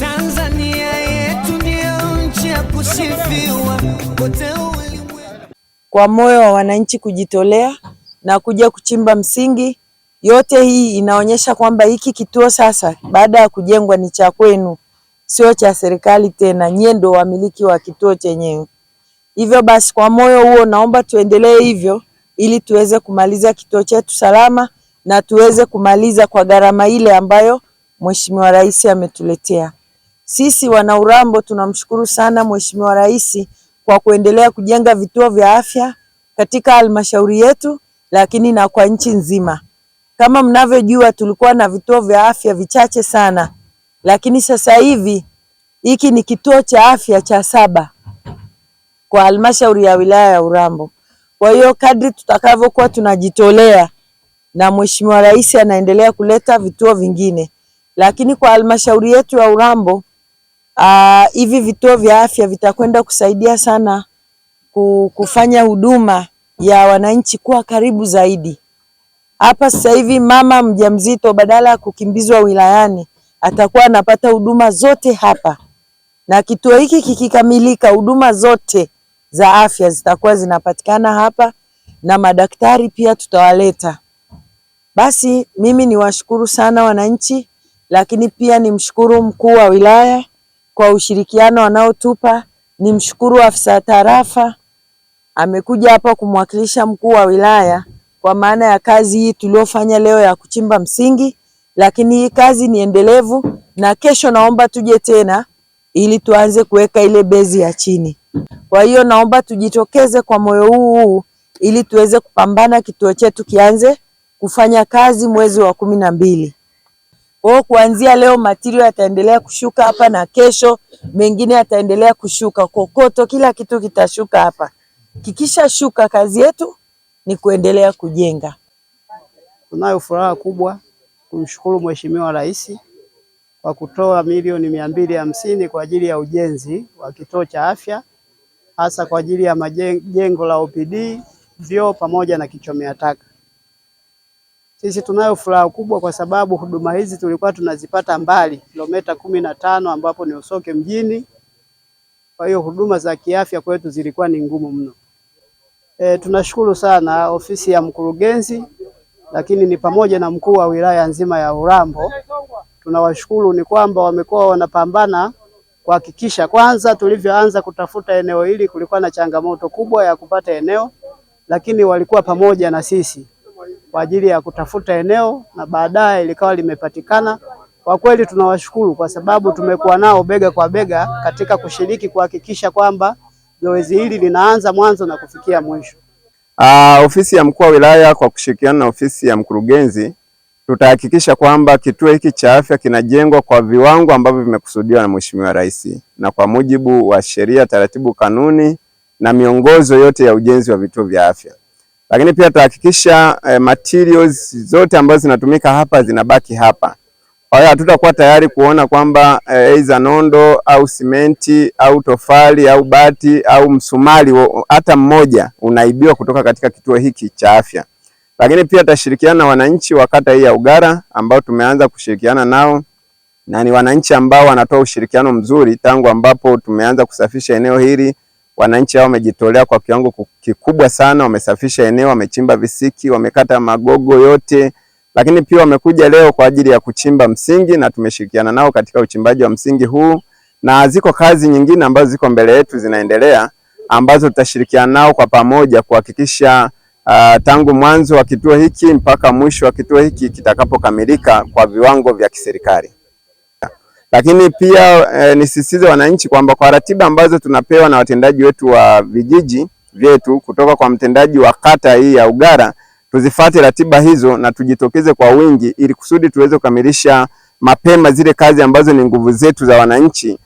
Tanzania yetu ndio nchi ya kusifiwa kote Kwa moyo wa wananchi kujitolea na kuja kuchimba msingi, yote hii inaonyesha kwamba hiki kituo sasa baada ya kujengwa ni cha kwenu, sio cha serikali tena. Nyie ndio wamiliki wa kituo chenyewe. Hivyo basi, kwa moyo huo, naomba tuendelee hivyo ili tuweze kumaliza kituo chetu salama na tuweze kumaliza kwa gharama ile ambayo Mheshimiwa Rais ametuletea. Sisi wana Urambo tunamshukuru sana Mheshimiwa Rais kwa kuendelea kujenga vituo vya afya katika halmashauri yetu, lakini na kwa nchi nzima. Kama mnavyojua, tulikuwa na vituo vya afya vichache sana, lakini sasa hivi hiki ni kituo cha afya cha saba kwa halmashauri ya wilaya ya Urambo. Kwa hiyo kadri tutakavyokuwa tunajitolea na Mheshimiwa Rais anaendelea kuleta vituo vingine. Lakini kwa halmashauri yetu ya Urambo ah, hivi uh, vituo vya afya vitakwenda kusaidia sana kufanya huduma ya wananchi kuwa karibu zaidi. Hapa sasa hivi mama mjamzito badala ya kukimbizwa wilayani atakuwa anapata huduma zote hapa, na kituo hiki kikikamilika, huduma zote za afya zitakuwa zinapatikana hapa na madaktari pia tutawaleta. Basi mimi niwashukuru sana wananchi lakini pia nimshukuru mkuu wa wilaya kwa ushirikiano anaotupa. Nimshukuru afisa tarafa amekuja hapa kumwakilisha mkuu wa wilaya kwa maana ya kazi hii tuliofanya leo ya kuchimba msingi, lakini hii kazi ni endelevu, na kesho naomba tuje tena ili tuanze kuweka ile bezi ya chini. Kwa hiyo naomba tujitokeze kwa moyo huu huu ili tuweze kupambana, kituo chetu kianze kufanya kazi mwezi wa kumi na mbili. Kwa hiyo kuanzia leo material yataendelea kushuka hapa na kesho mengine yataendelea kushuka, kokoto, kila kitu kitashuka hapa. Kikishashuka kazi yetu ni kuendelea kujenga. Tunayo furaha kubwa kumshukuru Mheshimiwa Rais kwa kutoa milioni mia mbili hamsini kwa ajili ya ujenzi wa kituo cha afya hasa kwa ajili ya majengo la OPD, vyoo pamoja na kichomea taka. Sisi tunayo furaha kubwa kwa sababu huduma hizi tulikuwa tunazipata mbali, kilomita kumi na tano ambapo ni Usoke mjini. Kwa hiyo huduma za kiafya kwetu zilikuwa ni ngumu mno. E, tunashukuru sana ofisi ya mkurugenzi, lakini ni pamoja na mkuu wa wilaya nzima ya Urambo. Tunawashukuru ni kwamba wamekuwa wanapambana kuhakikisha kwanza, tulivyoanza kutafuta eneo hili kulikuwa na changamoto kubwa ya kupata eneo, lakini walikuwa pamoja na sisi kwa ajili ya kutafuta eneo na baadaye likawa limepatikana. Kwa kweli tunawashukuru kwa sababu tumekuwa nao bega kwa bega katika kushiriki kuhakikisha kwamba zoezi hili linaanza mwanzo na kufikia mwisho. Uh, ofisi ya mkuu wa wilaya kwa kushirikiana na ofisi ya mkurugenzi tutahakikisha kwamba kituo hiki cha afya kinajengwa kwa viwango ambavyo vimekusudiwa na Mheshimiwa Rais na kwa mujibu wa sheria, taratibu, kanuni na miongozo yote ya ujenzi wa vituo vya afya lakini pia tutahakikisha eh, materials zote ambazo zinatumika hapa zinabaki hapa. Kwa hiyo hatutakuwa tayari kuona kwamba aidha eh, nondo au simenti au tofali au bati au msumari hata mmoja unaibiwa kutoka katika kituo hiki cha afya. Lakini pia tutashirikiana na wananchi wa kata hii ya Ugara ambao tumeanza kushirikiana nao na ni wananchi ambao wanatoa ushirikiano mzuri tangu ambapo tumeanza kusafisha eneo hili Wananchi hao wamejitolea kwa kiwango kikubwa sana, wamesafisha eneo, wamechimba visiki, wamekata magogo yote, lakini pia wamekuja leo kwa ajili ya kuchimba msingi, na tumeshirikiana nao katika uchimbaji wa msingi huu, na ziko kazi nyingine ambazo ziko mbele yetu zinaendelea, ambazo tutashirikiana nao kwa pamoja kuhakikisha uh, tangu mwanzo wa kituo hiki mpaka mwisho wa kituo hiki kitakapokamilika kwa viwango vya kiserikali. Lakini pia e, nisisitize wananchi kwamba kwa ratiba ambazo tunapewa na watendaji wetu wa vijiji vyetu kutoka kwa mtendaji wa kata hii ya Ugara tuzifate ratiba hizo na tujitokeze kwa wingi ili kusudi tuweze kukamilisha mapema zile kazi ambazo ni nguvu zetu za wananchi.